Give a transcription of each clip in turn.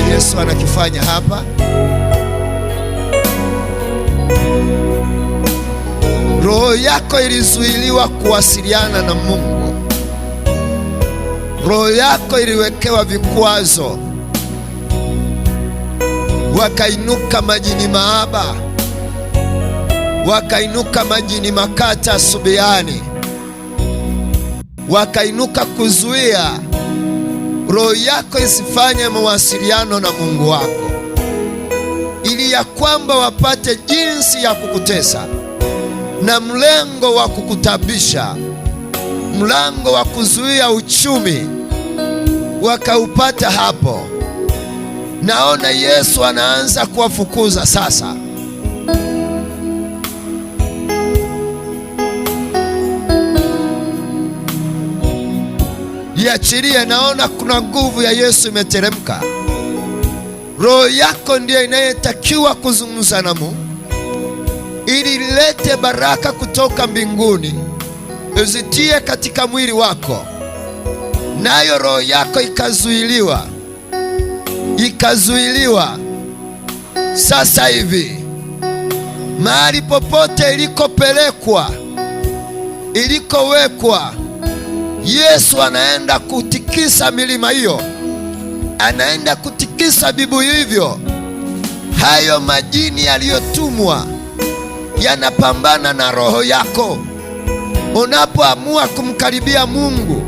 ambacho Yesu anakifanya hapa. Roho yako ilizuiliwa kuwasiliana na Mungu. Roho yako iliwekewa vikwazo, wakainuka majini maaba, wakainuka majini makata subiani, wakainuka kuzuia roho yako isifanye mawasiliano na Mungu wako, ili ya kwamba wapate jinsi ya kukutesa na mlengo wa kukutabisha, mlango wa kuzuia uchumi wakaupata hapo. Naona Yesu anaanza kuwafukuza sasa. Iachilie, naona kuna nguvu ya Yesu imeteremka. Roho yako ndiyo inayetakiwa kuzungumza na Mungu ili lete baraka kutoka mbinguni, uzitie katika mwili wako, nayo roho yako ikazuiliwa, ikazuiliwa sasa hivi mahali popote ilikopelekwa, ilikowekwa Yesu anaenda kutikisa milima hiyo, anaenda kutikisa vibuyu hivyo. Hayo majini yaliyotumwa yanapambana na roho yako. Unapoamua kumkaribia Mungu,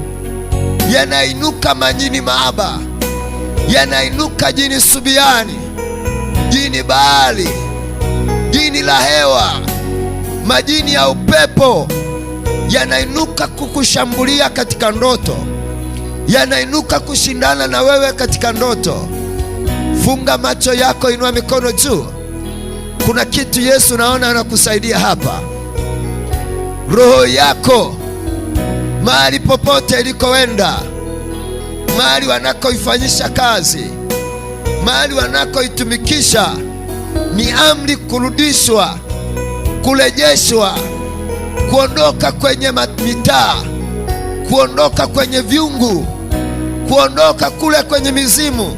yanainuka majini maaba, yanainuka jini subiani, jini baali jini la hewa, majini ya upepo yanainuka kukushambulia katika ndoto, yanainuka kushindana na wewe katika ndoto. Funga macho yako, inua mikono juu. Kuna kitu Yesu naona anakusaidia hapa. Roho yako mahali popote ilikoenda, mahali wanakoifanyisha kazi, mahali wanakoitumikisha, ni amri kurudishwa, kurejeshwa kuondoka kwenye mitaa, kuondoka kwenye vyungu, kuondoka kule kwenye mizimu,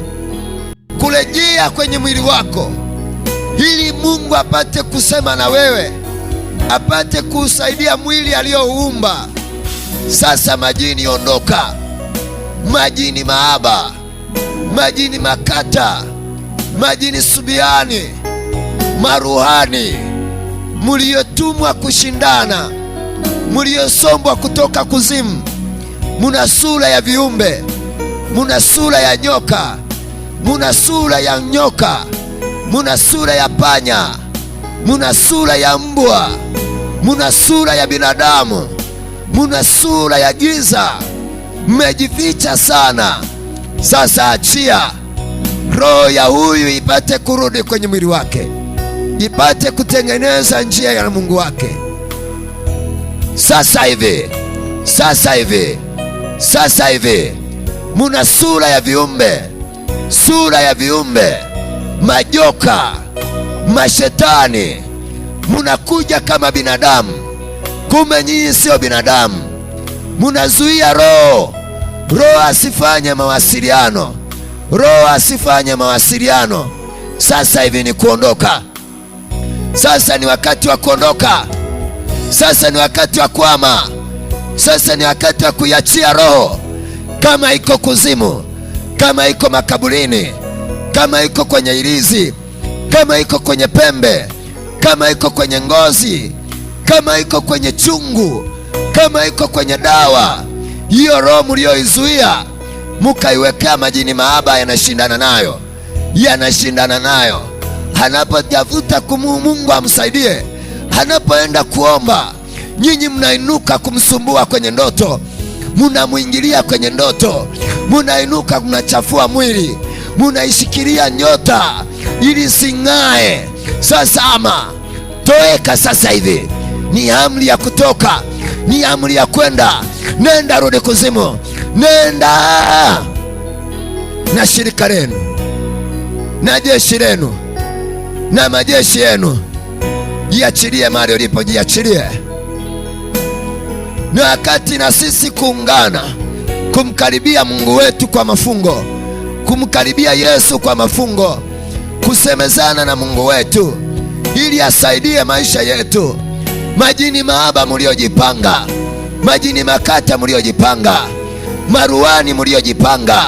kurejea kwenye mwili wako, ili Mungu apate kusema na wewe, apate kuusaidia mwili aliyouumba. Sasa majini ondoka, majini maaba, majini makata, majini subiani, maruhani, muliotumwa kushindana mliosombwa kutoka kuzimu, muna sura ya viumbe, muna sura ya nyoka, muna sura ya nyoka, muna sura ya panya, muna sura ya mbwa, muna sura ya binadamu, muna sura ya giza, mmejificha sana. Sasa achia roho ya huyu ipate kurudi kwenye mwili wake, ipate kutengeneza njia ya Mungu wake sasa hivi, sasa hivi, sasa hivi muna sura ya viumbe, sura ya viumbe, majoka, mashetani, munakuja kama binadamu, kumbe nyinyi siyo binadamu. Munazuia roho, roho asifanye mawasiliano, roho asifanye mawasiliano. Sasa hivi ni kuondoka, sasa ni wakati wa kuondoka. Sasa ni wakati wa kuama, sasa ni wakati wa kuiachia roho. Kama iko kuzimu, kama iko makaburini, kama iko kwenye ilizi, kama iko kwenye pembe, kama iko kwenye ngozi, kama iko kwenye chungu, kama iko kwenye dawa, hiyo roho mlioizuia mukaiwekea majini maaba, yanashindana nayo, yanashindana nayo, anapotafuta kumu Mungu amsaidie anapoenda kuomba, nyinyi mnainuka kumsumbua kwenye ndoto, munamwingilia kwenye ndoto, munainuka, mnachafua mwili, munaishikilia nyota ili sing'ae. Sasa ama toweka sasa hivi, ni amri ya kutoka, ni amri ya kwenda. Nenda, rudi kuzimu, nenda na shirika lenu na jeshi lenu na majeshi yenu. Jiachilie mahali ulipo, jiachilie. Ni wakati na sisi kuungana kumkaribia Mungu wetu kwa mafungo, kumkaribia Yesu kwa mafungo, kusemezana na Mungu wetu ili asaidie maisha yetu. Majini maaba mliojipanga, majini makata mliojipanga, maruani mliojipanga,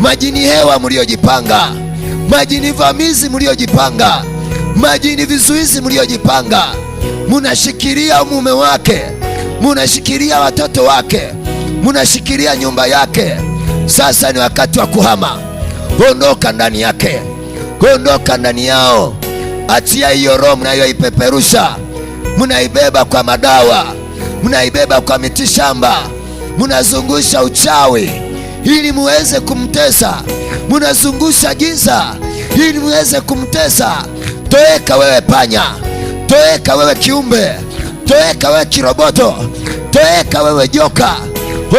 majini hewa mliojipanga, majini vamizi mliojipanga majini vizuizi mliojipanga, munashikilia mume wake, munashikilia watoto wake, munashikilia nyumba yake. Sasa ni wakati wa kuhama. Ondoka ndani yake, ondoka ndani yao. Achia hiyo roho mnayoipeperusha, munaibeba kwa madawa, munaibeba kwa mitishamba, munazungusha uchawi ili muweze kumtesa, munazungusha giza ili muweze kumtesa. Toweka wewe panya, toweka wewe kiumbe, toweka wewe kiroboto, toweka wewe joka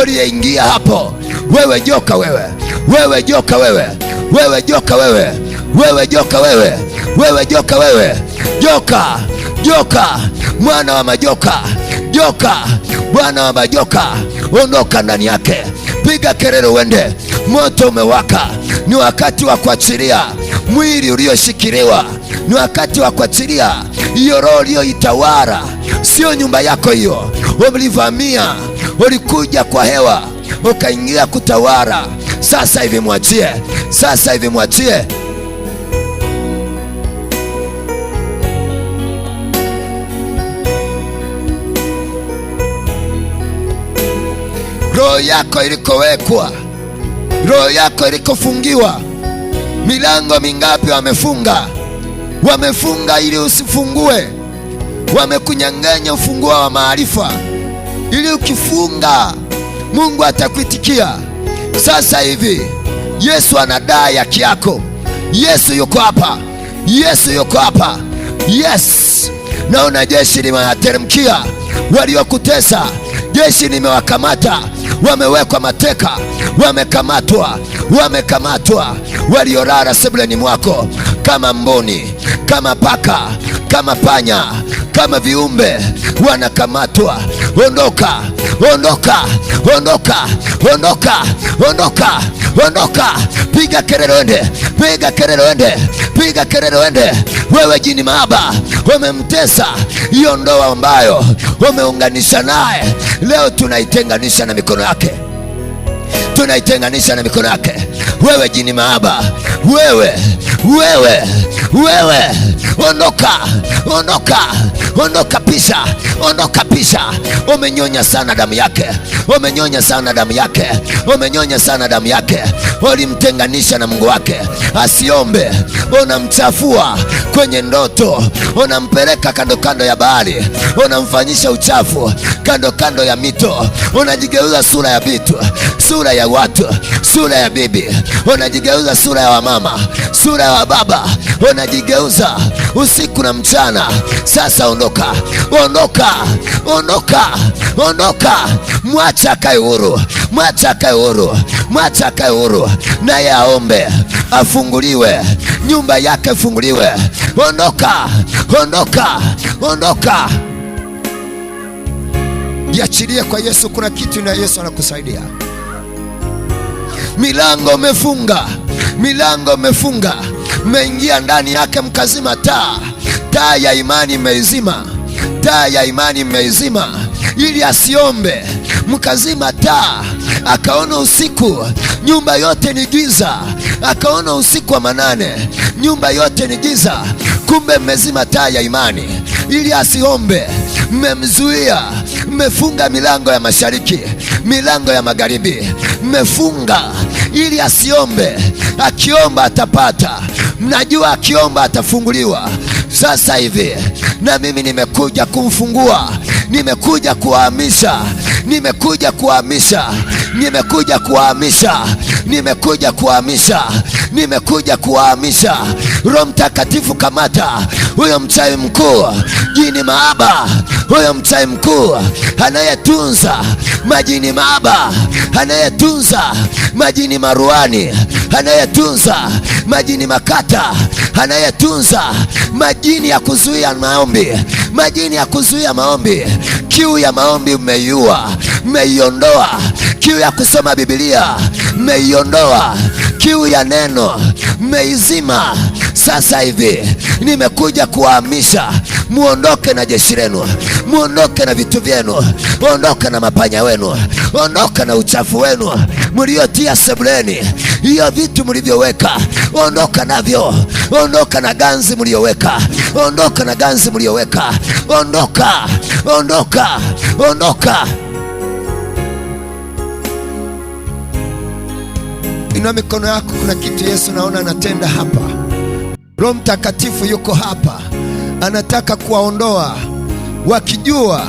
uliyeingia hapo. Wewe joka wewe, wewe joka wewe, wewe joka wewe, wewe joka wewe, wewe joka wewe, joka joka, mwana wa majoka, joka bwana wa majoka, ondoka ndani yake. Piga kelele, uende, moto umewaka, ni wakati wa kuachilia mwili ulioshikiliwa. Ni wakati wa kuachilia hiyo roho uliyoitawala. Sio nyumba yako hiyo, ulivamia walikuja kwa hewa, ukaingia kutawala. Sasa hivi mwachie, sasa hivi mwachie. Roho yako ilikowekwa, roho yako ilikofungiwa Milango mingapi wamefunga? Wamefunga ili usifungue, wamekunyang'anya ufunguo wa maarifa, ili ukifunga Mungu atakuitikia. Sasa hivi Yesu anadai haki yako. Yesu yuko hapa, Yesu yuko hapa. Yes, naona jeshi limewateremkia waliokutesa, jeshi nimewakamata wamewekwa mateka, wamekamatwa, wamekamatwa, waliolala sebuleni mwako kama mboni kama paka, kama panya, kama viumbe wanakamatwa. Ondoka, ondoka, ondoka, ondoka, ondoka, ondoka piga kelele piga kelele ende, piga kelele ende. Wewe jini mahaba, umemtesa hiyo ndoa ambayo umeunganisha naye, leo tunaitenganisha na mikono yake tunaitenganisha na mikono yake. Wewe jini maaba, wewe wewe wewe, ondoka ondoka ondoka pisha, ondoka pisha. Umenyonya sana damu yake, umenyonya sana damu yake, umenyonya sana damu yake. Ulimtenganisha na Mungu wake asiombe, unamchafua kwenye ndoto, unampeleka kando kando ya bahari, unamfanyisha uchafu kando kando ya mito, unajigeuza sura ya vitu sura ya watu, sura ya bibi unajigeuza, sura ya wamama, sura ya wababa unajigeuza usiku na mchana. Sasa ondoka, ondoka, ondoka, ondoka, mwacha akae huru, mwacha akae huru, mwacha akae huru, naye aombe, afunguliwe, nyumba yake afunguliwe Ondoka, ondoka, ondoka. Jiachilie kwa Yesu. Kuna kitu na Yesu anakusaidia milango mefunga, milango mefunga, mmeingia ndani yake mkazima taa. Taa ya imani mmeizima, taa ya imani mmeizima ili asiombe, mkazima taa, akaona usiku, nyumba yote ni giza, akaona usiku wa manane, nyumba yote ni giza. Kumbe mmezima taa ya imani ili asiombe. Mmemzuia, mmefunga milango ya mashariki, milango ya magharibi, mmefunga ili asiombe. Akiomba atapata, mnajua akiomba atafunguliwa. Sasa hivi na mimi nimekuja kumfungua, nimekuja kuhamisha, nimekuja kuhamisha, nimekuja kuhamisha, nimekuja kuhamisha, nimekuja kuhamisha. Roho Mtakatifu, kamata huyo mchawi mkuu, jini maaba, huyo mchawi mkuu anayetunza majini maaba, anayetunza majini maruani, anayetunza majini makata, anayetunza majini ya kuzuia maombi, majini ya kuzuia maombi. Kiu ya maombi mmeiua, mmeiondoa. Kiu ya kusoma Biblia mmeiondoa. Kiu ya neno mmeizima. Sasa hivi nimekuja kuwahamisha, muondoke na jeshi lenu, muondoke na vitu vyenu, ondoka na mapanya wenu, ondoka na uchafu wenu mliotia sebuleni, hiyo vitu mlivyoweka, ondoka navyo, ondoka na ganzi mlioweka, ondoka na ganzi mlioweka, ondoka, ondoka, ondoka. Inua mikono yako, kuna kitu Yesu naona anatenda hapa. Roho Mtakatifu yuko hapa, anataka kuwaondoa wakijua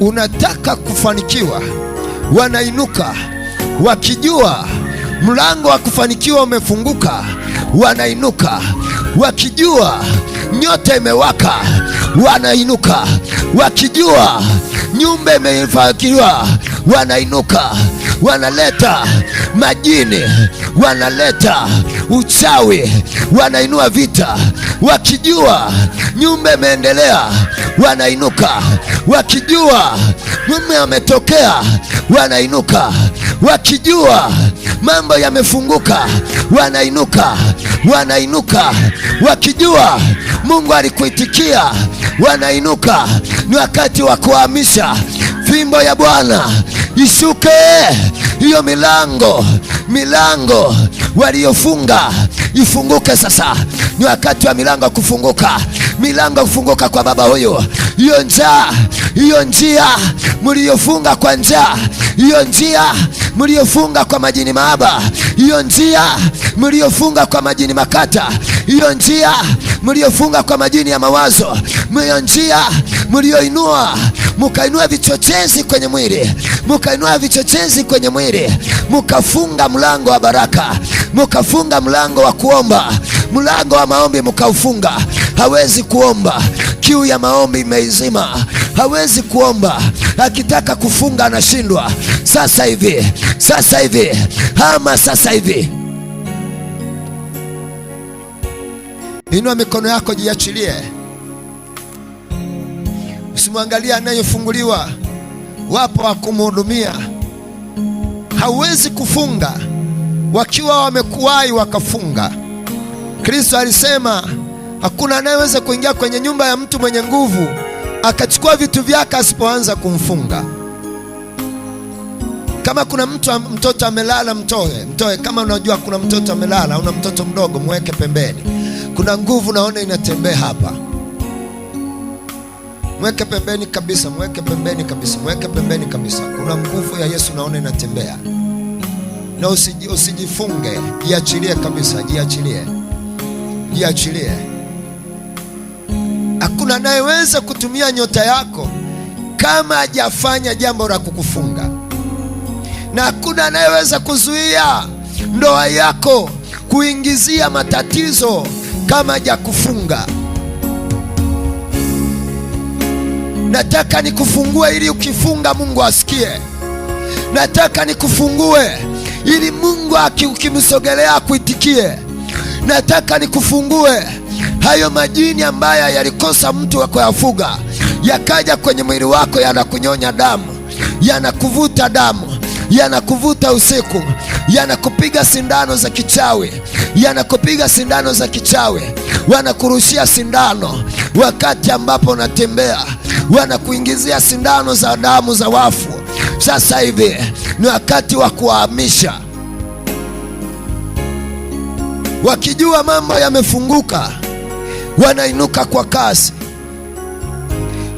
unataka kufanikiwa, wanainuka wakijua mlango wa kufanikiwa umefunguka, wanainuka wakijua nyota imewaka, wanainuka wakijua nyumba imefanikiwa, wanainuka wanaleta majini, wanaleta uchawi, wanainua vita. Wakijua nyumba imeendelea, wanainuka. Wakijua mume ametokea, wanainuka. Wakijua mambo yamefunguka, wanainuka, wanainuka. Wakijua Mungu alikuitikia, wanainuka. Ni wakati wa kuhamisha fimbo ya Bwana ishuke hiyo milango, milango waliofunga ifunguke sasa. Ni wakati wa milango kufunguka, milango kufunguka kwa baba huyu. Hiyo njaa, hiyo njia mliofunga kwa njaa, hiyo njia mliofunga kwa majini maaba, hiyo njia mliofunga kwa majini makata, hiyo njia mliofunga kwa majini ya mawazo, hiyo njia mliyoinua mukainua vichochezi kwenye mwili, mukainua vichochezi kwenye mwili, mukafunga mlango wa baraka, mukafunga mlango wa kuomba, mlango wa maombi mukaufunga. Hawezi kuomba, kiu ya maombi imeizima, hawezi kuomba, akitaka kufunga anashindwa. Sasa hivi, sasa hivi, hama sasa hivi. Inua mikono yako, jiachilie. Usimwangalia anayefunguliwa, wapo wa kumhudumia. Hauwezi kufunga wakiwa wamekuwahi wakafunga. Kristo alisema hakuna anayeweza kuingia kwenye nyumba ya mtu mwenye nguvu akachukua vitu vyake asipoanza kumfunga. Kama kuna mtu mtoto amelala, mtoe mtoe. Kama unajua kuna mtoto amelala, una mtoto mdogo, mweke pembeni. Kuna nguvu naona inatembea hapa. Mweke pembeni kabisa, mweke pembeni kabisa, mweke pembeni kabisa. Kuna nguvu ya Yesu naona inatembea, na usiji, usijifunge, jiachilie kabisa, jiachilie, jiachilie. Hakuna anayeweza kutumia nyota yako kama hajafanya jambo la kukufunga, na hakuna anayeweza kuzuia ndoa yako kuingizia matatizo kama hajakufunga. Nataka nikufungue ili ukifunga Mungu asikie. Nataka nikufungue ili Mungu ukimsogelea akuitikie. Nataka nikufungue hayo majini ambayo yalikosa mtu wa kuyafuga, yakaja kwenye mwili wako, yanakunyonya damu, yanakuvuta damu, yanakuvuta usiku, yanakupiga sindano za kichawi, yanakupiga sindano za kichawi, wanakurushia sindano wakati ambapo unatembea wanakuingizia sindano za damu za wafu. Sasa hivi ni wakati wa kuwahamisha, wakijua mambo yamefunguka, wanainuka kwa kasi.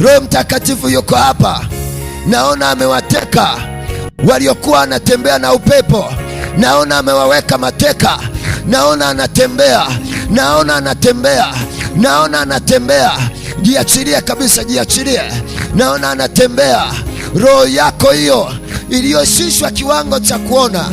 Roho Mtakatifu yuko hapa, naona amewateka waliokuwa wanatembea na upepo, naona amewaweka mateka, naona anatembea, naona anatembea naona anatembea. Jiachilie kabisa, jiachilie. Naona anatembea. Roho yako hiyo iliyoshushwa kiwango cha kuona,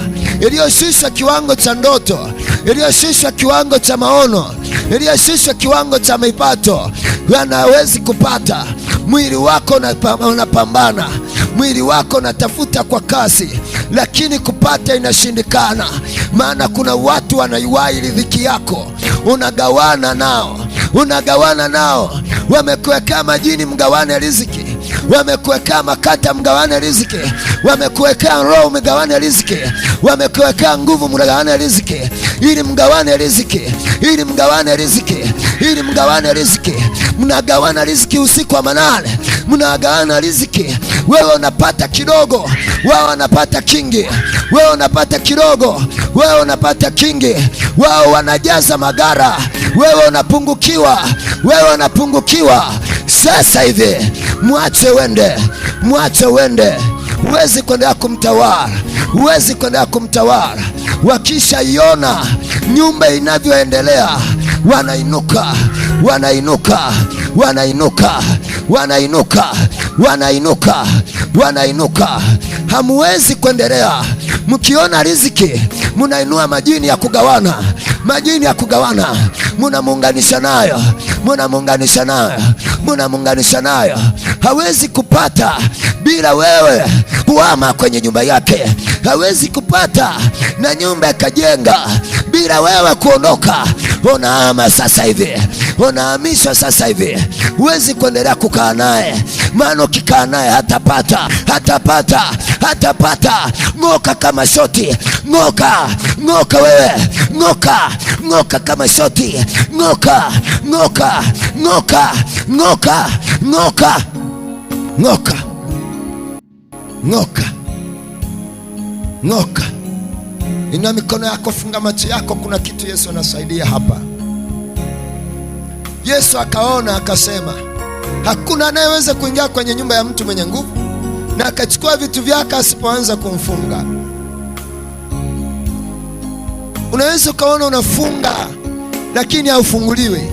iliyoshushwa kiwango cha ndoto, iliyoshushwa kiwango cha maono, iliyoshushwa kiwango cha mipato, anawezi kupata. Mwili wako unapambana, mwili wako unatafuta kwa kasi, lakini kupata inashindikana maana kuna watu wanaiwahi riziki yako, unagawana nao, unagawana nao. Wamekuwekea majini, mgawane riziki wamekuwekea makata mgawane riziki, wamekuwekea roho mgawane riziki, wamekuwekea nguvu mgawane riziki, ili mgawane riziki, ili mgawane riziki, ili mgawane riziki. Mnagawana riziki usiku wa manane, mnagawana riziki wewe unapata kidogo, wao wanapata kingi, wewe unapata kidogo, wewe unapata kingi, wao wanajaza magara, wewe unapungukiwa, wewe unapungukiwa. Sasa hivi mwache wende, mwache wende. Huwezi kuendelea kumtawala, huwezi kuendelea kumtawala. Wakishaiona nyumba inavyoendelea, wanainuka, wanainuka, wanainuka, wanainuka wanainuka, wanainuka. Hamuwezi kuendelea mkiona riziki, munainua majini ya kugawana, majini ya kugawana, munamuunganisha nayo, munamuunganisha nayo, munamuunganisha nayo. Hawezi kupata bila wewe kuama kwenye nyumba yake, hawezi kupata na nyumba ikajenga bila wewe kuondoka. Unaama sasa hivi, unahamishwa sasa hivi, huwezi kuendelea kukaa naye maana ukikaa naye hatapata, hatapata, hatapata. Ng'oka kama shoti, ng'oka, ng'oka wewe, ng'oka, ng'oka kama shoti, ng'oka, ng'oka, ng'oka, ng'oka, ng'oka, ng'oka, ng'oka, ng'oka. Ina mikono yako, funga macho yako. Kuna kitu Yesu anasaidia hapa. Yesu akaona akasema Hakuna anayeweza kuingia kwenye nyumba ya mtu mwenye nguvu na akachukua vitu vyake asipoanza kumfunga. Unaweza ukaona unafunga lakini haufunguliwi.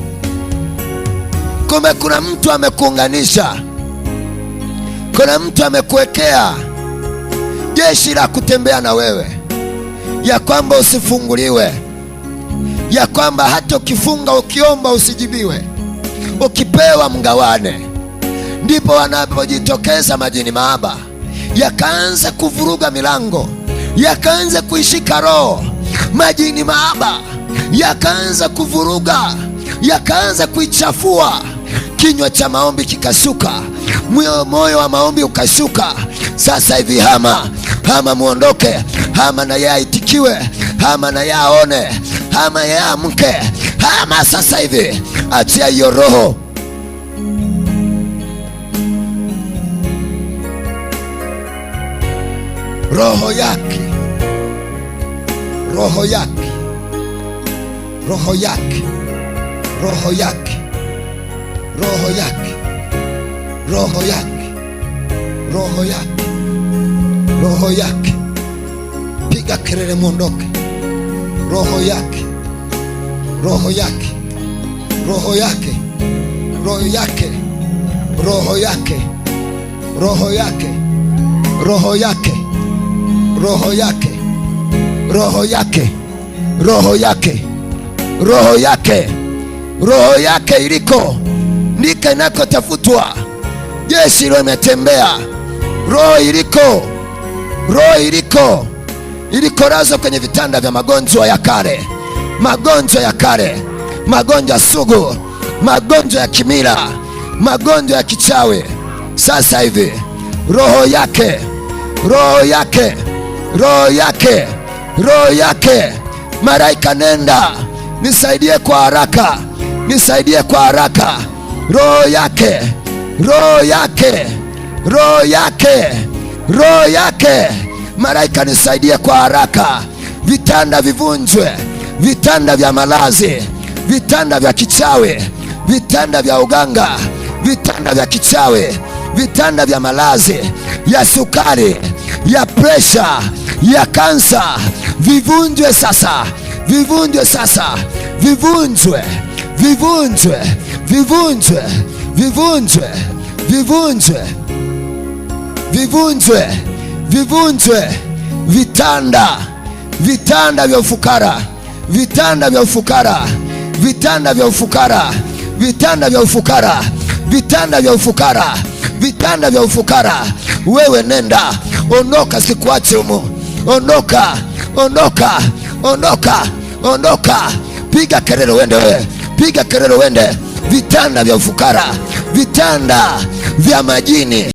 Kumbe kuna mtu amekuunganisha, kuna mtu amekuwekea jeshi la kutembea na wewe, ya kwamba usifunguliwe, ya kwamba hata ukifunga, ukiomba usijibiwe. Ukipewa mgawane, ndipo wanapojitokeza majini maaba, yakaanza kuvuruga milango, yakaanza kuishika roho. Majini maaba yakaanza kuvuruga, yakaanza kuichafua. Kinywa cha maombi kikashuka, moyo moyo wa maombi ukashuka. Sasa hivi hama hama, muondoke hama, na yeye aitikiwe hama, na yeye aone hama, yeye amke hama, sasa hivi achia hiyo roho. Roho yake, roho yake, roho yake, roho yake, roho yake, roho yake, roho yake, roho yake. Piga kelele, mwondoke. Roho yake, roho yake roho yake roho yake roho yake roho yake roho yake roho yake roho yake roho yake roho yake roho yake iliko ndika inakotafutwa. Jeshi limetembea, roho iliko, roho iliko, ilikorazwa kwenye vitanda vya magonjwa ya kale, magonjwa ya kale magonjwa sugu, magonjwa ya kimila, magonjwa ya kichawi. Sasa hivi roho yake, roho yake, roho yake, roho yake, malaika, nenda nisaidie kwa haraka, nisaidie kwa haraka. Roho yake, roho yake, roho yake, roho yake, malaika, nisaidie kwa haraka. Vitanda vivunjwe, vitanda vya malazi vitanda vya kichawi, vitanda vya uganga, vitanda vya kichawi, vitanda vya malazi ya sukari, ya presha, ya kansa, vivunjwe sasa, vivunjwe sasa, vivunjwe, vivunjwe, vivunjwe, vivunjwe, vivunjwe, vivunjwe, vivunjwe, vitanda vitanda vya ufukara, vitanda vya ufukara vitanda vya ufukara, vitanda vya ufukara, vitanda vya ufukara, vitanda vya ufukara. Wewe nenda, ondoka, sikuache humu. Ondoka, ondoka, ondoka, ondoka. Piga kelele uende, wewe piga kelele uende. Vitanda vya ufukara, vitanda vya majini.